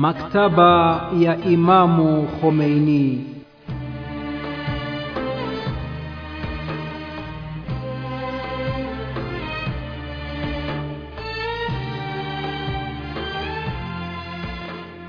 Maktaba ya Imamu Khomeini.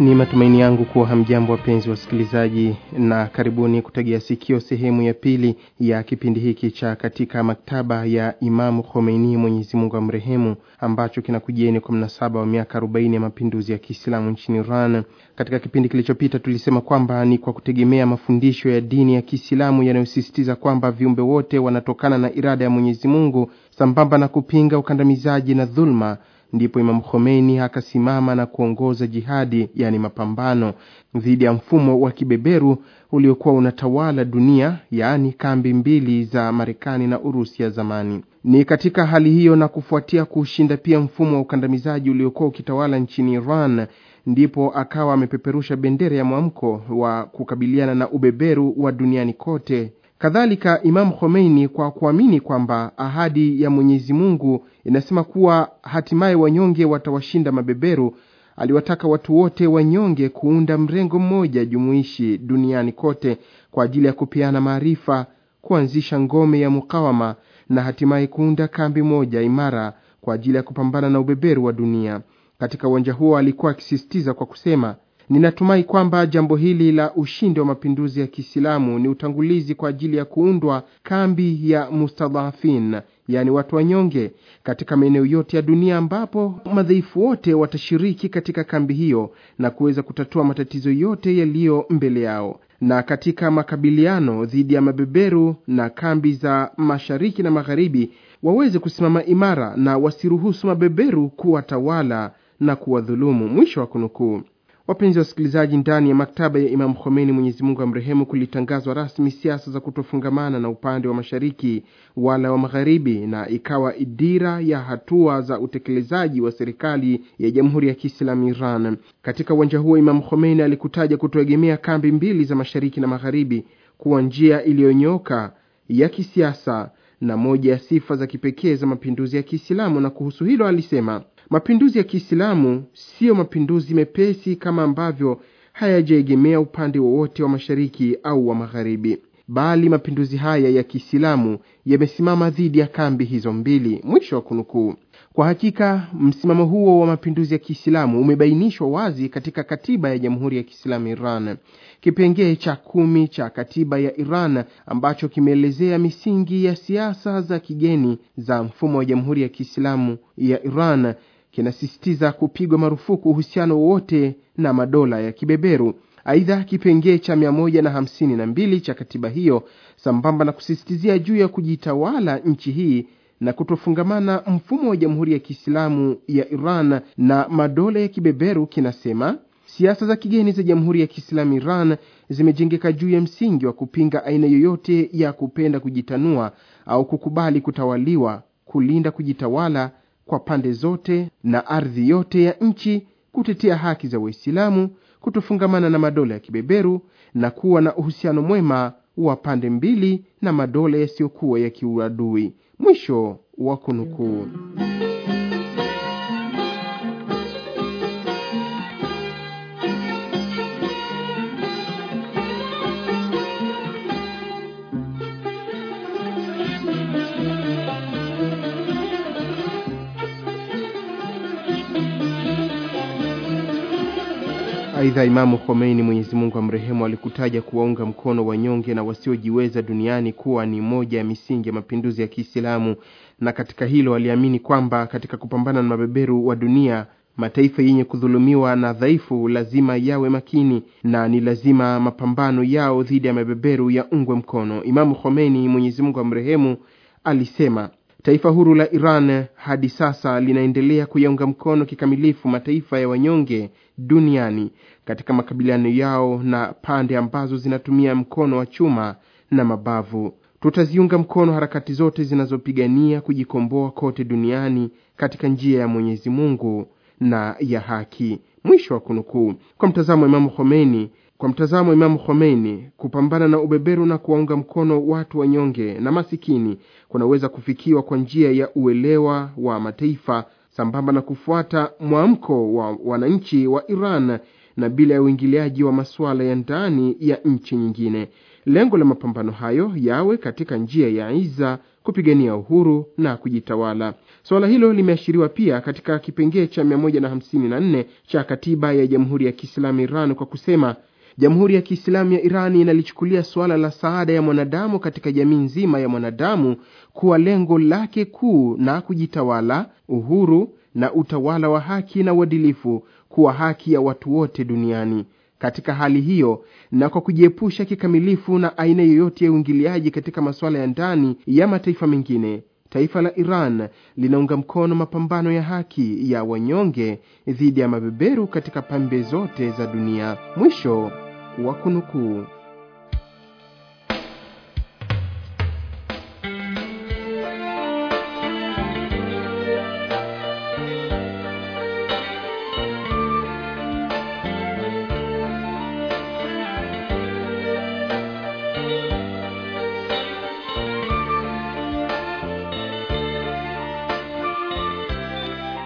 ni matumaini yangu kuwa hamjambo wapenzi wa wasikilizaji na karibuni kutegea sikio sehemu ya pili ya kipindi hiki cha katika maktaba ya imamu khomeini mwenyezimungu wa mrehemu ambacho kinakujieni kwa mnasaba wa miaka arobaini ya mapinduzi ya kiislamu nchini iran katika kipindi kilichopita tulisema kwamba ni kwa kutegemea mafundisho ya dini ya kiislamu yanayosisitiza kwamba viumbe wote wanatokana na irada ya mwenyezi mungu sambamba na kupinga ukandamizaji na dhuluma ndipo imamu Khomeini akasimama na kuongoza jihadi, yani mapambano dhidi ya mfumo wa kibeberu uliokuwa unatawala dunia, yaani kambi mbili za Marekani na Urusi ya zamani. Ni katika hali hiyo na kufuatia kushinda pia mfumo wa ukandamizaji uliokuwa ukitawala nchini Iran ndipo akawa amepeperusha bendera ya mwamko wa kukabiliana na ubeberu wa duniani kote Kadhalika Imamu Khomeini, kwa kuamini kwamba ahadi ya Mwenyezi Mungu inasema kuwa hatimaye wanyonge watawashinda mabeberu, aliwataka watu wote wanyonge kuunda mrengo mmoja jumuishi duniani kote kwa ajili ya kupeana maarifa, kuanzisha ngome ya mukawama na hatimaye kuunda kambi moja imara kwa ajili ya kupambana na ubeberu wa dunia. Katika uwanja huo alikuwa akisisitiza kwa kusema Ninatumai kwamba jambo hili la ushindi wa mapinduzi ya Kiislamu ni utangulizi kwa ajili ya kuundwa kambi ya mustadhafin, yaani watu wanyonge, katika maeneo yote ya dunia ambapo madhaifu wote watashiriki katika kambi hiyo na kuweza kutatua matatizo yote yaliyo mbele yao na katika makabiliano dhidi ya mabeberu na kambi za mashariki na magharibi waweze kusimama imara na wasiruhusu mabeberu kuwatawala na kuwadhulumu. Mwisho wa kunukuu wapenzi wa wasikilizaji ndani ya maktaba ya imamu homeni mwenyezimungu amrehemu kulitangazwa rasmi siasa za kutofungamana na upande wa mashariki wala wa magharibi na ikawa dira ya hatua za utekelezaji wa serikali ya jamhuri ya kiislamu iran katika uwanja huo imamu homeni alikutaja kutoegemea kambi mbili za mashariki na magharibi kuwa njia iliyonyoka ya kisiasa na moja ya sifa za kipekee za mapinduzi ya Kiislamu, na kuhusu hilo alisema, mapinduzi ya Kiislamu siyo mapinduzi mepesi kama ambavyo hayajaegemea upande wowote wa mashariki au wa magharibi, bali mapinduzi haya ya Kiislamu yamesimama dhidi ya kambi hizo mbili. Mwisho wa kunukuu. Kwa hakika msimamo huo wa mapinduzi ya Kiislamu umebainishwa wazi katika katiba ya Jamhuri ya Kiislamu Iran, kipengee cha kumi cha katiba ya Iran ambacho kimeelezea misingi ya siasa za kigeni za mfumo wa Jamhuri ya Kiislamu ya Iran kinasisitiza kupigwa marufuku uhusiano wowote na madola ya kibeberu. Aidha, kipengee cha mia moja na hamsini na mbili cha katiba hiyo, sambamba na kusisitizia juu ya kujitawala nchi hii na kutofungamana mfumo wa Jamhuri ya Kiislamu ya Iran na madola ya kibeberu kinasema siasa za kigeni za Jamhuri ya Kiislamu Iran zimejengeka juu ya msingi wa kupinga aina yoyote ya kupenda kujitanua au kukubali kutawaliwa, kulinda kujitawala kwa pande zote na ardhi yote ya nchi, kutetea haki za Waislamu, kutofungamana na madola ya kibeberu na kuwa na uhusiano mwema wa pande mbili na madola yasiyokuwa ya kiuadui. Mwisho wa kunukuu. Aidha, Imamu Khomeini, Mwenyezi Mungu amrehemu, alikutaja kuwaunga mkono wanyonge na wasiojiweza duniani kuwa ni moja ya misingi ya mapinduzi ya Kiislamu, na katika hilo aliamini kwamba katika kupambana na mabeberu wa dunia mataifa yenye kudhulumiwa na dhaifu lazima yawe makini na ni lazima mapambano yao dhidi ya mabeberu yaungwe mkono. Imamu Khomeini, Mwenyezi Mungu amrehemu, alisema taifa huru la iran hadi sasa linaendelea kuyaunga mkono kikamilifu mataifa ya wanyonge duniani katika makabiliano yao na pande ambazo zinatumia mkono wa chuma na mabavu tutaziunga mkono harakati zote zinazopigania kujikomboa kote duniani katika njia ya mwenyezi mungu na ya haki mwisho wa kunukuu kwa mtazamo wa imamu khomeini kwa mtazamo Imamu Khomeini, kupambana na ubeberu na kuwaunga mkono watu wanyonge na masikini kunaweza kufikiwa kwa njia ya uelewa wa mataifa sambamba na kufuata mwamko wa wananchi wa Iran na bila ya uingiliaji wa masuala ya ndani ya nchi nyingine. Lengo la mapambano hayo yawe katika njia ya iza kupigania uhuru na kujitawala. Suala hilo limeashiriwa pia katika kipengee cha 154 cha katiba ya Jamhuri ya Kiislamu Iran kwa kusema Jamhuri ya Kiislamu ya Irani inalichukulia suala la saada ya mwanadamu katika jamii nzima ya mwanadamu kuwa lengo lake kuu na kujitawala, uhuru na utawala wa haki na uadilifu kuwa haki ya watu wote duniani. Katika hali hiyo na kwa kujiepusha kikamilifu na aina yoyote ya uingiliaji katika masuala ya ndani ya mataifa mengine, taifa la Iran linaunga mkono mapambano ya haki ya wanyonge dhidi ya mabeberu katika pembe zote za dunia. Mwisho wa kunukuu.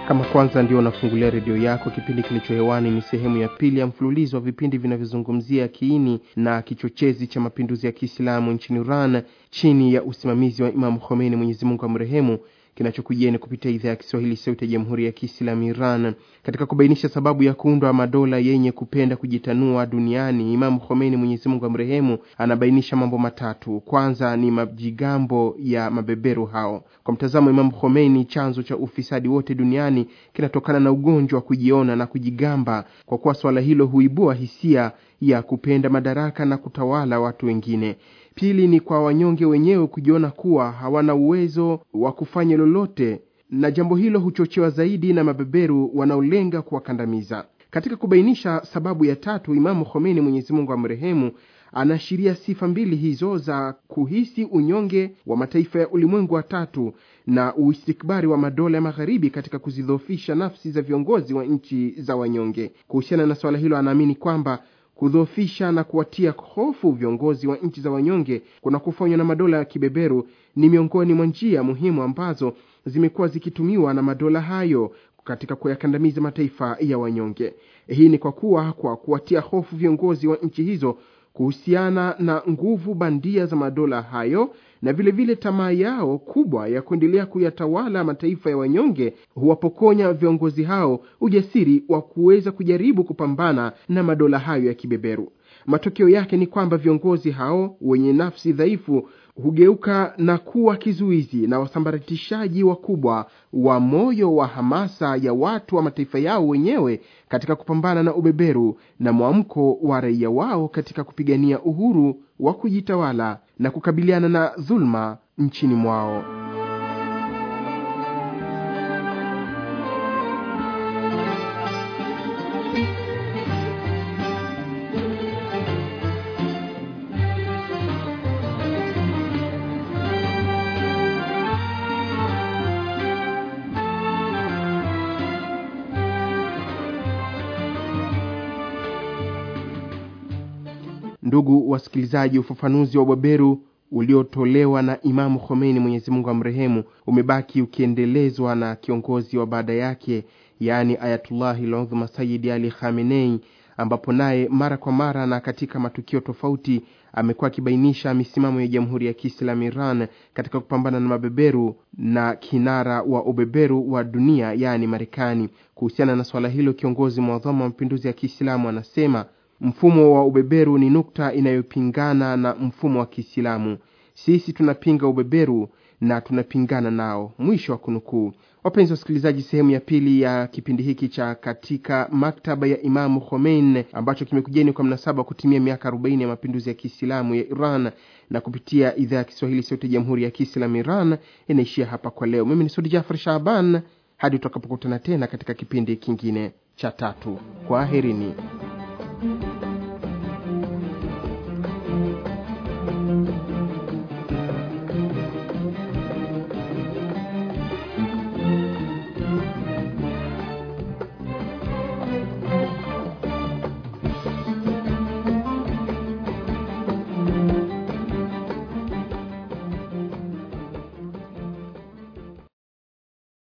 Kama kwanza ndio unafungulia redio yako, kipindi kilicho hewani ni sehemu ya pili ya mfululizo wa vipindi vinavyozungumzia kiini na kichochezi cha mapinduzi ya Kiislamu nchini Iran chini ya usimamizi wa Imamu Khomeini, mwenyezimungu Mungu amrehemu, kinachokujieni kupitia idhaa ya Kiswahili sauti ya Jamhuri ya Kiislamu Iran. Katika kubainisha sababu ya kuundwa madola yenye kupenda kujitanua duniani, Imamu Khomeini, Mwenyezi Mungu amrehemu, anabainisha mambo matatu. Kwanza ni majigambo ya mabeberu hao. Kwa mtazamo Imamu Khomeini, chanzo cha ufisadi wote duniani kinatokana na ugonjwa wa kujiona na kujigamba, kwa kuwa swala hilo huibua hisia ya kupenda madaraka na kutawala watu wengine. Pili ni kwa wanyonge wenyewe kujiona kuwa hawana uwezo wa kufanya lolote, na jambo hilo huchochewa zaidi na mabeberu wanaolenga kuwakandamiza. Katika kubainisha sababu ya tatu, Imamu Khomeini, Mwenyezi Mungu amrehemu, anaashiria sifa mbili hizo za kuhisi unyonge wa mataifa ya ulimwengu wa tatu na uistikbari wa madola ya magharibi katika kuzidhoofisha nafsi za viongozi wa nchi za wanyonge. Kuhusiana na suala hilo, anaamini kwamba kudhoofisha na kuwatia hofu viongozi wa nchi za wanyonge kuna kufanywa na madola ya kibeberu ni miongoni mwa njia muhimu ambazo zimekuwa zikitumiwa na madola hayo katika kuyakandamiza mataifa ya wanyonge. Hii ni kwa kuwa kwa kuwatia hofu viongozi wa nchi hizo kuhusiana na nguvu bandia za madola hayo na vilevile tamaa yao kubwa ya kuendelea kuyatawala mataifa ya wanyonge huwapokonya viongozi hao ujasiri wa kuweza kujaribu kupambana na madola hayo ya kibeberu. Matokeo yake ni kwamba viongozi hao wenye nafsi dhaifu hugeuka na kuwa kizuizi na wasambaratishaji wakubwa wa moyo wa hamasa ya watu wa mataifa yao wenyewe katika kupambana na ubeberu na mwamko wa raia wao katika kupigania uhuru wa kujitawala na kukabiliana na dhuluma nchini mwao. Ndugu wasikilizaji, ufafanuzi wa ubeberu uliotolewa na Imamu Khomeini, Mwenyezi Mungu amrehemu, umebaki ukiendelezwa na kiongozi wa baada yake, yaani Ayatullahi Ludhma sayidi Ali Khamenei, ambapo naye mara kwa mara na katika matukio tofauti amekuwa akibainisha misimamo ya Jamhuri ya Kiislamu Iran katika kupambana na mabeberu na kinara wa ubeberu wa dunia, yaani Marekani. Kuhusiana na swala hilo, kiongozi mwadhamu wa mapinduzi ya Kiislamu anasema mfumo wa ubeberu ni nukta inayopingana na mfumo wa kiislamu sisi tunapinga ubeberu na tunapingana nao mwisho wa kunukuu wapenzi wasikilizaji sehemu ya pili ya kipindi hiki cha katika maktaba ya imamu homein ambacho kimekujeni kwa mnasaba wa kutimia miaka 40 ya mapinduzi ya kiislamu ya iran na kupitia idhaa ya kiswahili sauti ya jamhuri ya kiislamu iran inaishia hapa kwa leo mimi ni sudi jafar shaban hadi utakapokutana tena katika kipindi kingine cha tatu aherini